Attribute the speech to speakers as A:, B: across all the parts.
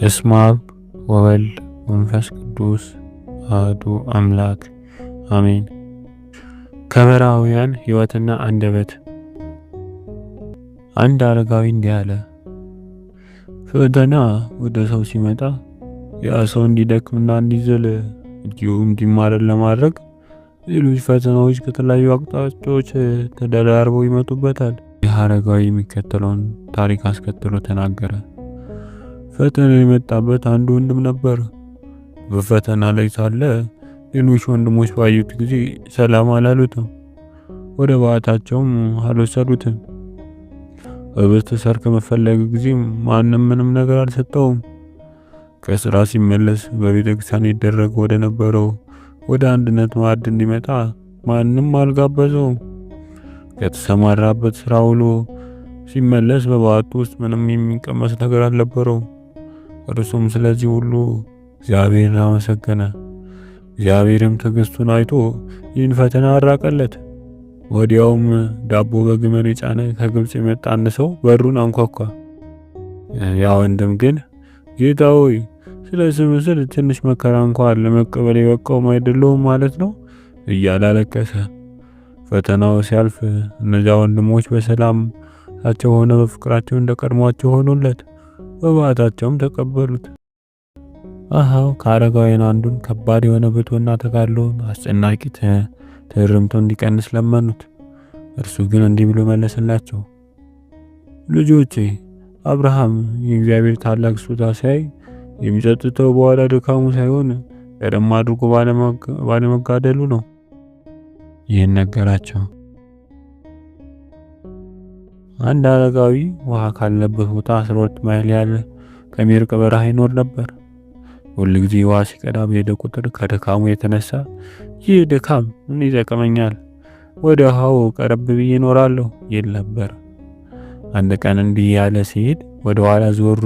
A: በስመ አብ ወወልድ መንፈስ ቅዱስ አዱ አምላክ አሜን። ከበራውያን ሕይወትና አንደበት አንድ አረጋዊ እንዲህ አለ። ፈተና ወደ ሰው ሲመጣ ያ ሰው እንዲደክምና እንዲዘል እንዲሁም እንዲማረር ለማድረግ ሌሎች ፈተናዎች ከተለያዩ አቅጣጫዎች ተደራርበው ይመጡበታል። ይህ አረጋዊ የሚከተለውን ታሪክ አስከትሎ ተናገረ። ፈተና የመጣበት አንድ ወንድም ነበር። በፈተና ላይ ሳለ ሌሎች ወንድሞች ባዩት ጊዜ ሰላም አላሉትም፣ ወደ ባዕታቸውም አልወሰዱትም። በበስተሰር ከመፈለግ ጊዜ ማንም ምንም ነገር አልሰጠውም። ከስራ ሲመለስ በቤተክርስቲያን ይደረግ ወደ ነበረው ወደ አንድነት ማዕድ እንዲመጣ ማንም አልጋበዘውም። ከተሰማራበት ስራ ውሎ ሲመለስ በበዓቱ ውስጥ ምንም የሚቀመስ ነገር አልነበረውም። እርሱም ስለዚህ ሁሉ እግዚአብሔርን አመሰገነ። እግዚአብሔርም ትዕግስቱን አይቶ ይህን ፈተና አራቀለት። ወዲያውም ዳቦ በግመል የጫነ ከግብፅ የመጣ አንድ ሰው በሩን አንኳኳ። ያ ወንድም ግን ጌታ ሆይ ስለ ስምህ ስል ትንሽ መከራ እንኳን ለመቀበል የበቃውም አይደለሁም ማለት ነው እያለ አለቀሰ። ፈተናው ሲያልፍ እነዚያ ወንድሞች በሰላም ሳቸው ሆነ በፍቅራቸው እንደቀድሟቸው ሆኑለት። በባታቸውም ተቀበሉት። አሃው ከአረጋውያን አንዱን ከባድ የሆነ ብቶና ተጋድሎ አስጨናቂ ትርምቶ እንዲቀንስ ለመኑት። እርሱ ግን እንዲህ ብሎ መለሰላቸው፣ ልጆቼ አብርሃም የእግዚአብሔር ታላቅ ስጦታ ሳይ የሚጸጥተው በኋላ ድካሙ ሳይሆን ቀደም አድርጎ ባለመጋደሉ ነው። ይህን ነገራቸው። አንድ አረጋዊ ውሃ ካለበት ቦታ 12 ማይል ያለ ከሚርቅ በረሃ ይኖር ነበር። ሁልጊዜ ውሃ ሲቀዳ በሄደ ቁጥር ከድካሙ የተነሳ ይህ ድካም ምን ይጠቅመኛል፣ ወደ ውሃው ቀረብ ብዬ እኖራለሁ ይል ነበር። አንድ ቀን እንዲህ ያለ ሲሄድ ወደ ኋላ ዞር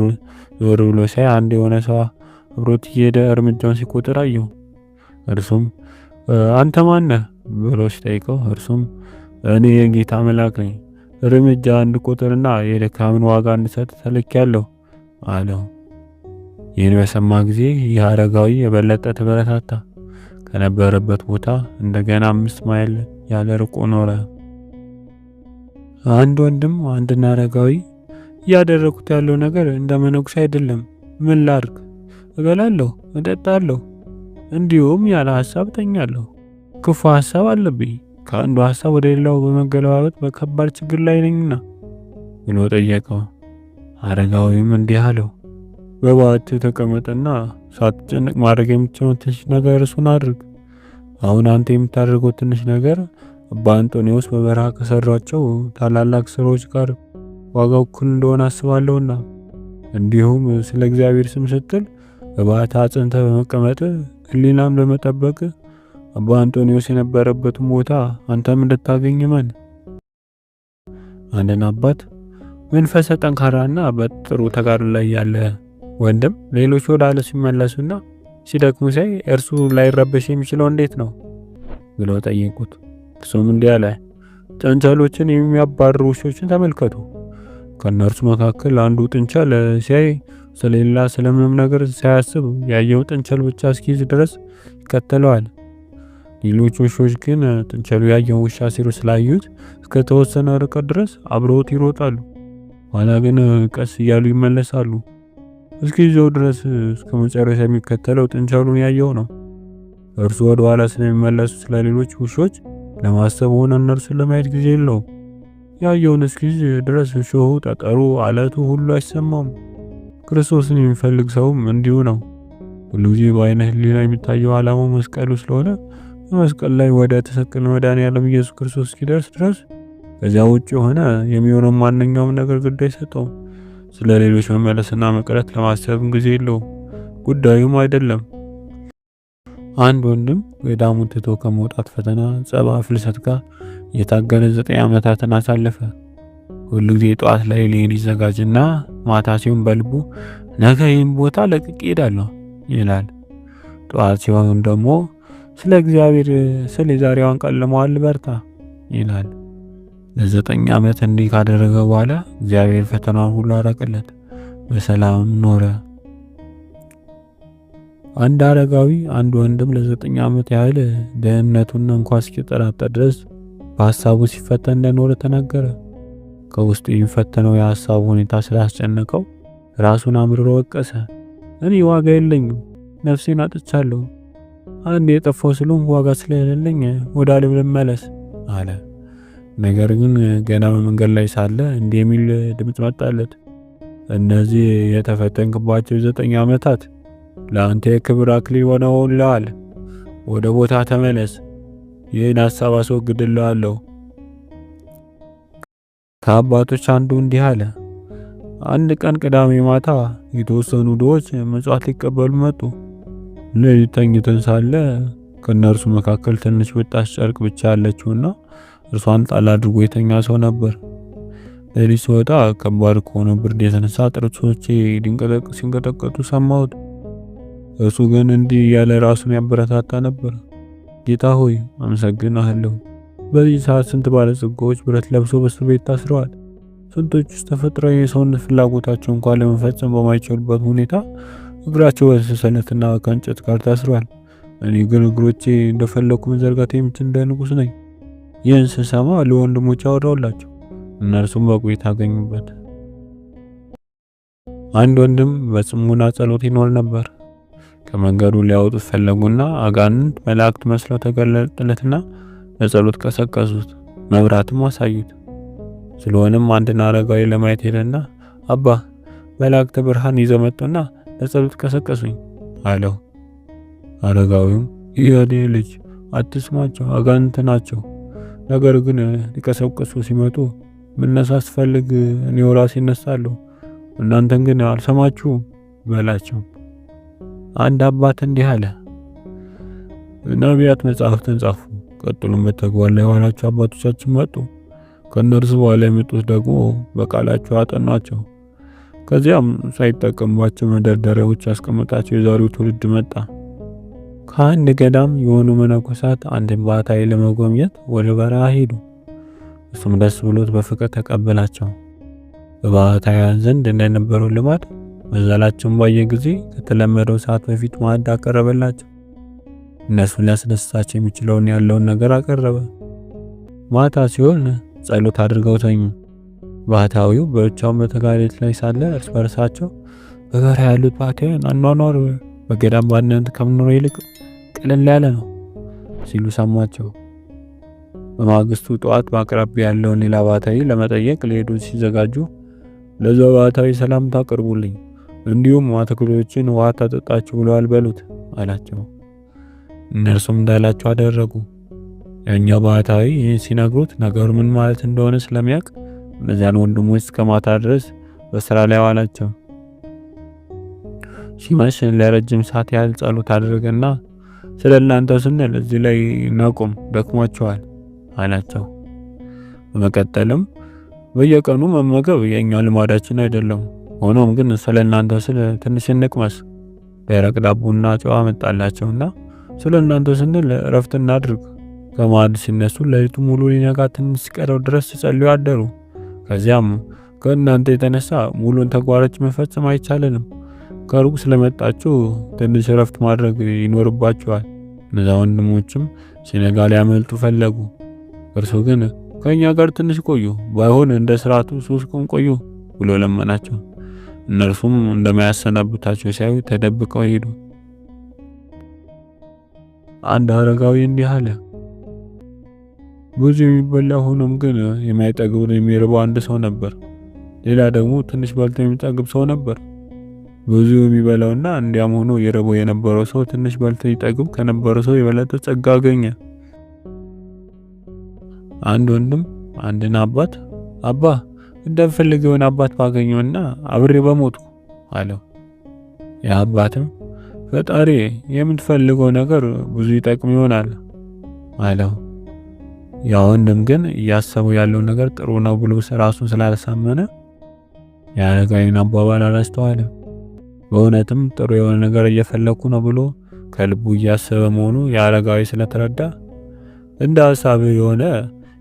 A: ዞር ብሎ ሳይ አንድ የሆነ ሰው አብሮት እየሄደ እርምጃውን ሲቆጥር አየው። እርሱም አንተ ማነህ ብሎ ሲጠይቀው እርሱም እኔ የጌታ መልአክ ነኝ እርምጃ አንድ ቁጥርና የድካምን ዋጋ እንድሰጥ ተልኬያለሁ አለው። ይህን በሰማ ጊዜ ይህ አረጋዊ የበለጠ ተበረታታ። ከነበረበት ቦታ እንደገና አምስት ማይል ያለ ርቆ ኖረ። አንድ ወንድም አንድን አረጋዊ እያደረኩት ያለው ነገር እንደ መነኩሴ አይደለም። ምን ላድርግ? እበላለሁ፣ እጠጣለሁ፣ እንዲሁም ያለ ሀሳብ ተኛለሁ። ክፉ ሀሳብ አለብኝ። ከአንዱ ሀሳብ ወደ ሌላው በመገለባበጥ በከባድ ችግር ላይ ነኝና ብሎ ጠየቀው። አረጋዊም እንዲህ አለው፣ በባት ተቀመጠና ሳትጨነቅ ማድረግ የምትችለው ትንሽ ነገር እሱን አድርግ። አሁን አንተ የምታደርገው ትንሽ ነገር አባ አንጦኒዎስ በበረሃ ከሰሯቸው ታላላቅ ስራዎች ጋር ዋጋው እኩል እንደሆነ አስባለሁና እንዲሁም ስለ እግዚአብሔር ስም ስትል በባዕትህ አጽንተ በመቀመጥ ህሊናም ለመጠበቅ አባ አንጦኒዮስ የነበረበትን ቦታ አንተም እንድታገኝ ምን? አንድን አባት መንፈሰ ጠንካራና በጥሩ ተጋድሎ ላይ ያለ ወንድም ሌሎች ወደ አለ ሲመለሱና ሲደክሙ ሳይ እርሱ ላይረበሽ የሚችለው እንዴት ነው ብሎ ጠየቁት። እርሱም እንዲህ አለ፣ ጨንቻሎችን የሚያባርሩ ውሾችን ተመልከቱ። ከእነርሱ መካከል አንዱ ጥንቸል ሲያይ ስለሌላ ስለምንም ነገር ሳያስብ ያየው ጥንቸል ብቻ እስኪይዝ ድረስ ይከተለዋል። ሌሎች ውሾች ግን ጥንቸሉ ያየውን ውሻ ሲሮ ስላዩት እስከ ተወሰነ ርቀት ድረስ አብረውት ይሮጣሉ። ኋላ ግን ቀስ እያሉ ይመለሳሉ። እስኪዘው ድረስ እስከ መጨረሻ የሚከተለው ጥንቸሉን ያየው ነው። እርሱ ወደ ኋላ ስለሚመለሱ ስለሌሎች ውሾች ለማሰብ ሆነ እነርሱን ለማየት ጊዜ የለውም። ያየውን እስኪዝ ድረስ እሾሁ፣ ጠጠሩ፣ አለቱ ሁሉ አይሰማውም። ክርስቶስን የሚፈልግ ሰውም እንዲሁ ነው። ሁሉ ጊዜ በዓይነ ሕሊና የሚታየው ዓላማው መስቀሉ ስለሆነ በመስቀል ላይ ወደ ተሰቀለ መድኃኔዓለም ኢየሱስ ክርስቶስ እስኪደርስ ድረስ ከዚያ ውጭ የሆነ የሚሆነው ማንኛውም ነገር ግድ አይሰጠውም። ስለ ሌሎች መመለስና መቅረት ለማሰብም ጊዜ የለውም፣ ጉዳዩም አይደለም። አንድ ወንድም ገዳሙን ትቶ ከመውጣት ፈተና፣ ጸባ፣ ፍልሰት ጋር የታገለ ዘጠኝ ዓመታትን አሳለፈ። ሁሉ ጊዜ ጠዋት ላይ ሊሄድ ይዘጋጅና ማታ ሲሆን በልቡ ነገ ይህን ቦታ ለቅቄ እሄዳለሁ ይላል። ጠዋት ሲሆን ደግሞ ስለ እግዚአብሔር ስል የዛሬዋን ቀን ለመዋል በርታ ይላል። ለዘጠኝ ዓመት እንዲህ ካደረገ በኋላ እግዚአብሔር ፈተናውን ሁሉ አረቀለት፣ በሰላም ኖረ። አንድ አረጋዊ አንድ ወንድም ለዘጠኝ ዓመት ያህል ደህንነቱን እንኳ እስኪጠራጠር ድረስ በሀሳቡ ሲፈተን እንደኖረ ተናገረ። ከውስጡ የሚፈተነው የሀሳቡ ሁኔታ ስላስጨነቀው ራሱን አምርሮ ወቀሰ። እኔ ዋጋ የለኝም፣ ነፍሴን አጥቻለሁ አንድ የጠፋው ስለሆን ዋጋ ስለሌለኝ ወደ ዓለም ልመለስ አለ። ነገር ግን ገና በመንገድ ላይ ሳለ እንዲህ የሚል ድምፅ መጣለት። እነዚህ የተፈተንክባቸው ዘጠኝ ዓመታት ለአንተ የክብር አክሊል ሆነውልሃል። ወደ ቦታ ተመለስ። ይህን ሀሳብ አስወግድልሃለሁ። ከአባቶች አንዱ እንዲህ አለ። አንድ ቀን ቅዳሜ ማታ የተወሰኑ ድሆች ምጽዋት ሊቀበሉ መጡ። እነዚህ ተኝተን ሳለ ከእነርሱ መካከል ትንሽ ወጣች ጨርቅ ብቻ ያለችውና እርሷን ጣል አድርጎ የተኛ ሰው ነበር። ሌሊት ስወጣ ከባድ ከሆነ ብርድ የተነሳ ጥርሶቼ ሲንቀጠቀጡ ሰማሁት። እሱ ግን እንዲህ ያለ ራሱን ያበረታታ ነበር። ጌታ ሆይ አመሰግናለሁ። በዚህ ሰዓት ስንት ባለጸጋዎች ብረት ለብሶ በእስር ቤት ታስረዋል። ስንቶች ውስጥ ተፈጥሯዊ የሰውነት ፍላጎታቸው እንኳን ለመፈጸም በማይችሉበት ሁኔታ እግራቸው በሰነፍና ከእንጨት ጋር ታስሯል። እኔ ግን እግሮቼ እንደፈለኩ መዘርጋት የምችል እንደ ነኝ። ይህን ስሰማ ለወንድሞች አወራውላቸው፣ እነርሱም በቆይታ አገኙበት። አንድ ወንድም በጽሙና ጸሎት ይኖር ነበር። ከመንገዱ ሊያወጡት ፈለጉና አጋንንት መላእክት መስለው ተገለጠለትና ለጸሎት ቀሰቀሱት፣ መብራትም አሳዩት። ስለሆነም አንድን አረጋዊ ለማየት ሄደና አባ መላእክተ ብርሃን ይዘው መጡና ለጸሎት ቀሰቀሱኝ አለው። አረጋዊውም የእኔ ልጅ አትስማቸው፣ አጋንንት ናቸው። ነገር ግን ሊቀሰቅሱ ሲመጡ መነሳት ስፈልግ እኔው ራሴ እነሳለሁ፣ እናንተን ግን አልሰማችሁም በላቸው። አንድ አባት እንዲህ አለ፣ ነቢያት መጽሐፍትን ጻፉ፣ ቀጥሉም በተግባር ላይ የዋላችሁ አባቶቻችን መጡ። ከእነርሱ በኋላ የመጡት ደግሞ በቃላቸው አጠኗቸው። ከዚያም ሳይጠቀምባቸው መደርደሪያዎች አስቀምጣቸው የዛሬው ትውልድ መጣ። ከአንድ ገዳም የሆኑ መነኮሳት አንድን ባህታዊ ለመጎብኘት ወደ በረሃ ሄዱ። እሱም ደስ ብሎት በፍቅር ተቀበላቸው። በባህታውያን ዘንድ እንደነበረው ልማድ መዛላቸውን ባየ ጊዜ ከተለመደው ሰዓት በፊት ማዕድ አቀረበላቸው። እነሱን ሊያስደስታቸው የሚችለውን ያለውን ነገር አቀረበ። ማታ ሲሆን ጸሎት አድርገው ተኙ። ባህታዊው በብቻው በተጋድሎ ላይ ሳለ እርስ በርሳቸው በጋራ ያሉት ባህታውያን አኗኗር በገዳም በአንድነት ከምኖረው ይልቅ ቀለል ያለ ነው ሲሉ ሰማቸው። በማግስቱ ጠዋት በአቅራቢያ ያለውን ሌላ ባህታዊ ለመጠየቅ ሊሄዱ ሲዘጋጁ ለዛ ባህታዊ ሰላምታ አቅርቡልኝ፣ እንዲሁም አትክልቶችን ውሃ ታጠጣችሁ ብለዋል በሉት አላቸው። እነርሱም እንዳላቸው አደረጉ። ያኛው ባህታዊ ይህን ሲነግሩት ነገሩ ምን ማለት እንደሆነ ስለሚያውቅ እነዚያን ወንድሞች እስከ ማታ ድረስ በስራ ላይ ዋላቸው። ሲመሽ ለረጅም ሰዓት ያህል ጸሎት አደረገና ስለ እናንተ ስንል እዚህ ላይ እናቁም፣ ደክሟቸዋል አላቸው። በመቀጠልም በየቀኑ መመገብ የእኛ ልማዳችን አይደለም፣ ሆኖም ግን ስለ እናንተ ስል ትንሽ እንቅመስ። ደረቅ ዳቦና ጨዋ መጣላቸውና ስለ እናንተ ስንል እረፍት እናድርግ። ከማዕድ ሲነሱ ለሊቱ ሙሉ ሊነጋ ትንሽ ቀረው ድረስ ሲጸልዩ አደሩ። ከዚያም ከእናንተ የተነሳ ሙሉን ተግባሮች መፈጸም አይቻልንም። ከሩቅ ስለመጣችሁ ትንሽ ረፍት ማድረግ ይኖርባችኋል። እነዛ ወንድሞችም ሲነጋ ሊያመልጡ ፈለጉ። እርሱ ግን ከእኛ ጋር ትንሽ ቆዩ፣ ባይሆን እንደ ስርዓቱ ሶስት ቀን ቆዩ ብሎ ለመናቸው። እነርሱም እንደማያሰናብታቸው ሲያዩ ተደብቀው ሄዱ። አንድ አረጋዊ እንዲህ አለ። ብዙ የሚበላ ሆኖም ግን የማይጠግብን የሚርበው አንድ ሰው ነበር። ሌላ ደግሞ ትንሽ በልቶ የሚጠግብ ሰው ነበር። ብዙ የሚበላውና እንዲያም ሆኖ የርቦ የነበረው ሰው ትንሽ በልቶ ይጠግብ ከነበረው ሰው የበለጠ ጸጋ አገኘ። አንድ ወንድም አንድን አባት አባ እንደምፈልገውን አባት ባገኘውና አብሬ በሞቱ አለው። ያ አባትም ፈጣሪ የምትፈልገው ነገር ብዙ ይጠቅም ይሆናል አለው። ያው ወንድም ግን እያሰበው ያለው ነገር ጥሩ ነው ብሎ ራሱን ስላላሳመነ የአለቃዬን አባባል አላስተዋለም። በእውነትም ጥሩ የሆነ ነገር እየፈለኩ ነው ብሎ ከልቡ እያሰበ መሆኑ የአረጋዊ ስለተረዳ እንደ ሀሳብ የሆነ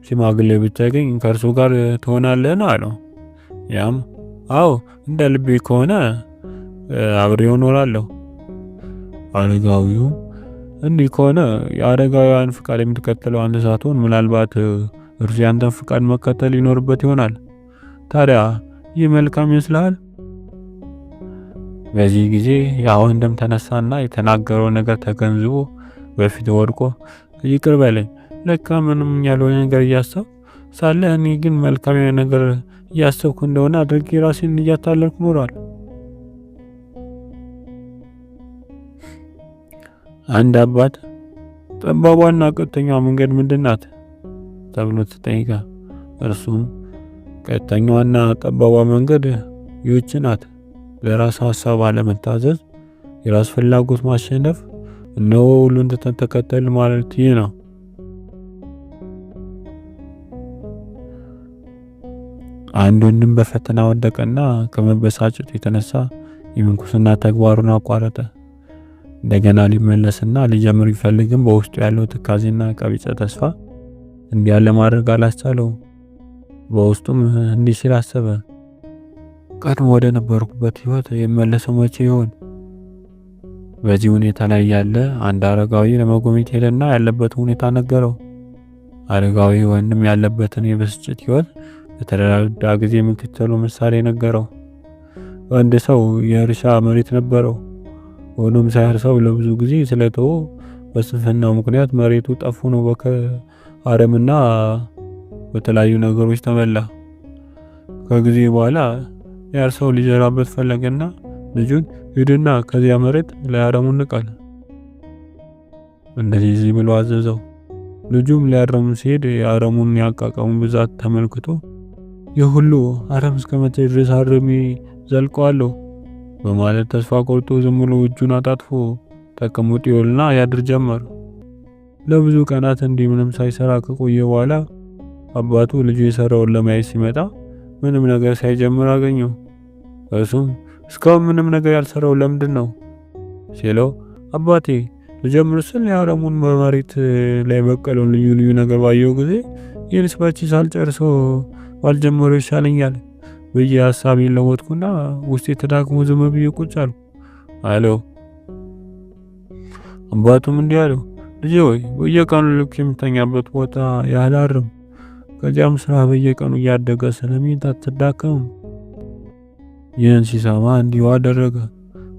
A: ሽማግሌ ብታገኝ ከእርሱ ጋር ትሆናለህን? አለው። ያም አዎ እንደ ልቤ ከሆነ አብሬው እኖራለሁ። አረጋዊው እንዲህ ከሆነ የአደጋውያን ፍቃድ የምትከተለው አንተ ሳትሆን ምናልባት እርሱ ያንተን ፍቃድ መከተል ይኖርበት ይሆናል። ታዲያ ይህ መልካም ይመስልሃል? በዚህ ጊዜ ያው እንደም ተነሳና የተናገረው ነገር ተገንዝቦ በፊት ወድቆ ይቅር በለኝ ለካ ምንም ያልሆነ ነገር እያሰብ ሳለ እኔ ግን መልካም ነገር እያሰብኩ እንደሆነ አድርጌ ራሴን እያታለልኩ ኖሯል። አንድ አባት ጠባቧና ቀጥተኛ መንገድ ምንድናት? ናት ተብሎ ተጠይቃ፣ እርሱም ቀጥተኛዋና ጠባቧ መንገድ ይህች ናት፣ ለራስ ሀሳብ አለመታዘዝ፣ የራስ ፍላጎት ማሸነፍ፣ እነሆ ሁሉን ተከተል ማለት ይህ ነው። አንድ ወንድም በፈተና ወደቀና ከመበሳጨት የተነሳ የምንኩስና ተግባሩን አቋረጠ። እንደገና ሊመለስና ሊጀምር ቢፈልግም በውስጡ ያለው ትካዜና ቀቢጸ ተስፋ ያለ ለማድረግ አላስቻለው። በውስጡም እንዲህ ሲል አሰበ። ቀድሞ ወደ ነበርኩበት ህይወት የመለሰው መቼ ይሆን? በዚህ ሁኔታ ላይ ያለ አንድ አረጋዊ ለመጎብኘት ሄደና ያለበትን ሁኔታ ነገረው። አረጋዊ ወንድም ያለበትን የብስጭት ህይወት በተረዳ ጊዜ ምክትሉ ምሳሌ ነገረው። አንድ ሰው የእርሻ መሬት ነበረው። ሆኖም ሳያርሰው ለብዙ ጊዜ ስለተወ በስንፍናው ምክንያት መሬቱ ጠፉ ነው። በአረምና በተለያዩ ነገሮች ተመላ። ከጊዜ በኋላ ያርሰው ሊዘራበት ፈለገና ልጁን ሂድና ከዚያ መሬት ላይ አረሙን ንቃል እንደዚህ ብሎ አዘዘው። ልጁም ሊያረሙ ሲሄድ የአረሙን ያቃቀሙ ብዛት ተመልክቶ የሁሉ ሁሉ አረም እስከመቼ ድረስ አርሜ ዘልቀዋለሁ በማለት ተስፋ ቆርጦ ዝም ብሎ እጁን አጣጥፎ ተቀምጦ ይውልና ያድር ጀመር። ለብዙ ቀናት እንዲህ ምንም ሳይሰራ ከቆየ በኋላ አባቱ ልጁ የሰራውን ለማየት ሲመጣ ምንም ነገር ሳይጀምር አገኘው። እሱም እስካሁን ምንም ነገር ያልሰራው ለምንድን ነው ሲለው፣ አባቴ ልጀምር ስል የአረሙን በመሬት ላይ በቀለውን ልዩ ልዩ ነገር ባየው ጊዜ ይልስ በቺ ሳልጨርሰው ባልጀምረው ይሻለኛል በየሀሳብ ለወጥኩና ውስጤ ተዳክሞ ዝም ብዬ ቁጭ አልኩ። አለው አባቱም እንዲህ አለው፣ ልጅ ወይ በየቀኑ ልክ የምተኛበት ቦታ ያህል አርም። ከዚያም ስራ በየቀኑ እያደገ ስለሚሄድ አትዳከምም። ይህን ሲሰማ እንዲሁ አደረገ።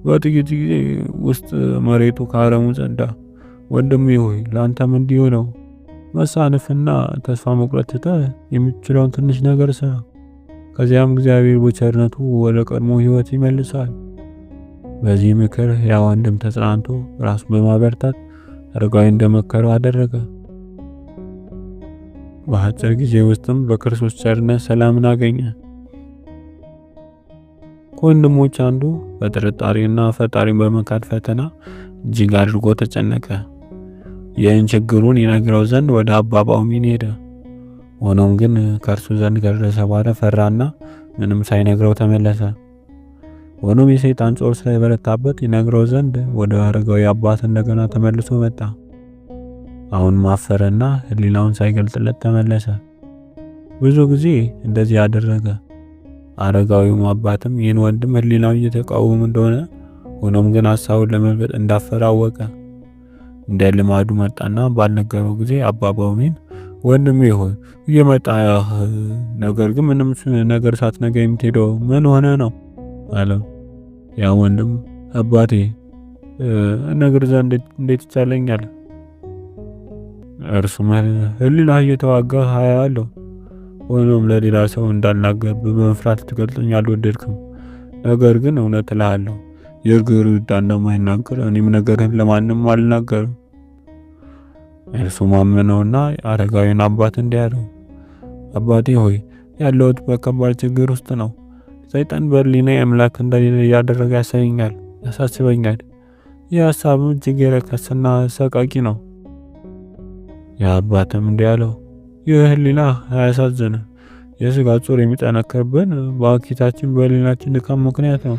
A: በጥቂት ጊዜ ውስጥ መሬቱ ከአረሙ ጸዳ። ወንድሜ ሆይ ለአንተም እንዲሁ ነው። መሳነፍና ተስፋ መቁረጥ ትተህ የምትችለውን ትንሽ ነገር ስራ። ከዚያም እግዚአብሔር በቸርነቱ ወደ ቀድሞ ሕይወት ይመልሳል። በዚህ ምክር ያ ወንድም ተጽናንቶ ራሱን በማበርታት አረጋዊ እንደመከረው አደረገ። በአጭር ጊዜ ውስጥም በክርስቶስ ቸርነት ሰላምን አገኘ። ከወንድሞች አንዱ በጥርጣሬና ፈጣሪን በመካድ ፈተና እጅግ አድርጎ ተጨነቀ። ይህን ችግሩን ይነግረው ዘንድ ወደ አባባው ሚን ሄደ። ሆኖም ግን ከእርሱ ዘንድ ከደረሰ በኋላ ፈራና ምንም ሳይነግረው ተመለሰ። ሆኖም የሰይጣን ጾር ስለበረታበት ይነግረው ዘንድ ወደ አረጋዊ አባት እንደገና ተመልሶ መጣ። አሁን ማፈረና ሕሊናውን ሳይገልጥለት ተመለሰ። ብዙ ጊዜ እንደዚህ ያደረገ። አረጋዊውም አባትም ይህን ወንድም ሕሊናው እየተቃወሙ እንደሆነ ሆኖም ግን ሀሳቡን ለመልበጥ እንዳፈረ አወቀ። እንደ ልማዱ መጣና ባልነገረው ጊዜ አባ ወንድም ይሁን እየመጣ ነገር ግን ምንም ነገር ሳትነግረኝ የምትሄደው ምን ሆነ ነው አለ። ያ ወንድም አባቴ እነግር ዘንድ እንዴት ይቻለኛል? እርሱም ህሊና እየተዋጋ አያለሁ፣ ሆኖም ለሌላ ሰው እንዳልናገር በመፍራት ትገልጠኝ አልወደድክም። ነገር ግን እውነት እልሃለሁ የእግር ዳንደማ ይናገር እኔም ነገርህን ለማንም አልናገርም። እርሱ አመነውና አረጋዊውን አባት እንዲህ አለው፣ አባቴ ሆይ ያለሁት በከባድ ችግር ውስጥ ነው። ሰይጣን በሊና አምላክ እንደሌለ እያደረገ ያሳየኛል፣ ያሳስበኛል። ይህ ሀሳብ እጅግ የረከሰና አሰቃቂ ነው። የአባትም እንዲህ አለው፣ ይህ ህሊና አያሳዝን። የስጋ ጾር የሚጠነከርብን በአኪታችን በሊናችን ድካም ምክንያት ነው።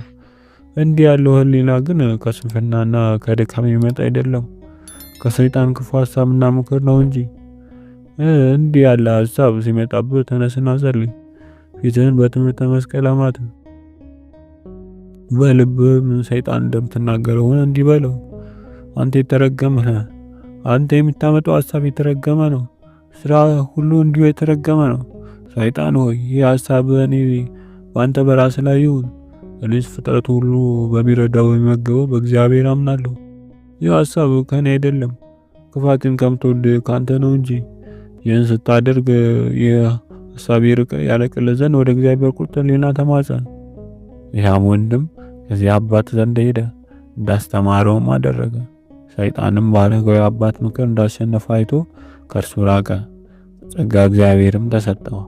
A: እንዲህ ያለው ህሊና ግን ከስንፍናና ከድካም የሚመጣ አይደለም። ከሰይጣን ክፉ እና ምክር ነው እንጂ። እንዲህ ያለ ሀሳብ ሲመጣብህ ተነስና ጸልይ። ፊትህን በትምህርተ መስቀል አማትብ። በልብህም ሰይጣን እንደምትናገረው ሆነ እንዲህ በለው፣ አንተ የተረገምህ አንተ የምታመጣው ሀሳብ የተረገመ ነው። ስራ ሁሉ እንዲሁ የተረገመ ነው። ሰይጣን ሆይ ይህ ሀሳብ እኔ በአንተ በራስ ላይ ይሁን። እኔስ ፍጥረት ሁሉ በሚረዳው በሚመግበው በእግዚአብሔር አምናለሁ። ይህ ሀሳብ ከኔ አይደለም፣ ክፋትን ከምትወድ ካንተ ነው እንጂ። ይህን ስታደርግ የሀሳብ ይርቅ ዘንድ ወደ እግዚአብሔር ቁርጥ ሊና ተማጸን። ያም ወንድም ከዚያ አባት ዘንድ ሄደ፣ እንዳስተማረውም አደረገ። ሰይጣንም ባረጋዊ አባት ምክር እንዳሸነፈ አይቶ ከእርሱ ራቀ። ጸጋ እግዚአብሔርም ተሰጠው።